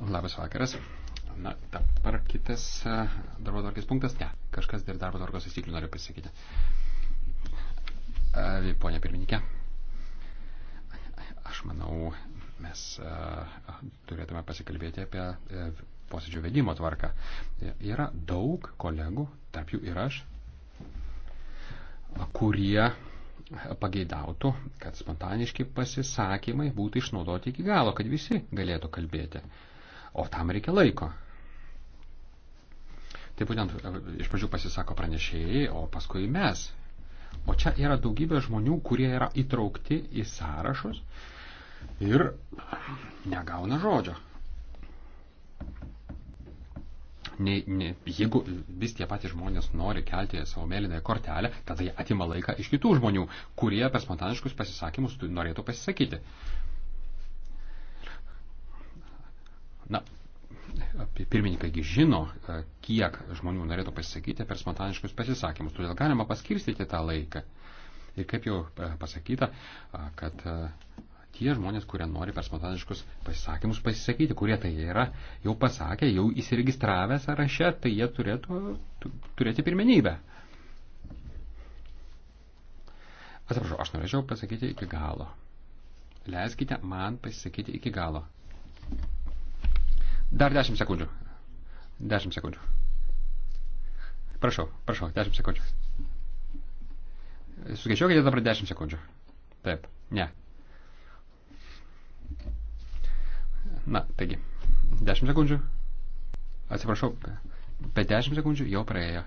Labas vakaras. Na, dabar kitas e, darbo tvarkės punktas. Ne, kažkas dėl darbo tvarkos įsiklių noriu pasakyti. E, Pone pirmininkė, aš manau, mes e, turėtume pasikalbėti apie posėdžių vedimo tvarką. Yra daug kolegų, tarp jų ir aš, kurie pageidautų, kad spontaniški pasisakymai būtų išnaudoti iki galo, kad visi galėtų kalbėti. O tam reikia laiko. Tai būtent e, iš pradžių pasisako pranešėjai, o paskui mes. O čia yra daugybė žmonių, kurie yra įtraukti į sąrašus ir negauna žodžio. nei, nei, jeigu vis tie patys žmonės nori kelti savo mėlynąją kortelę, tada jie atima laiką iš kitų žmonių, kurie per spontaniškus pasisakymus norėtų pasisakyti. Na, pirmininkaigi žino, e, kiek žmonių norėtų pasisakyti per spontaniškus pasisakymus, todėl galima paskirstyti tą laiką. Ir kaip jau e, pasakyta, kad e, tie žmonės, kurie nori per spontaniškus pasisakymus pasisakyti, kurie tai yra jau pasakę, jau įsiregistravę sąraše, tai jie turėtų turėti pirmenybę. Atsiprašau, aš norėčiau pasakyti iki galo. Leiskite man pasisakyti iki galo. Dar 10 sekundžių. 10 sekundžių. Prašau, prašau, 10 sekundžių. Sugaičiuokite dabar 10 sekundžių. Taip, ne. Na, taigi, 10 sekundžių. Atsiprašau, bet 10 sekundžių jau praėjo.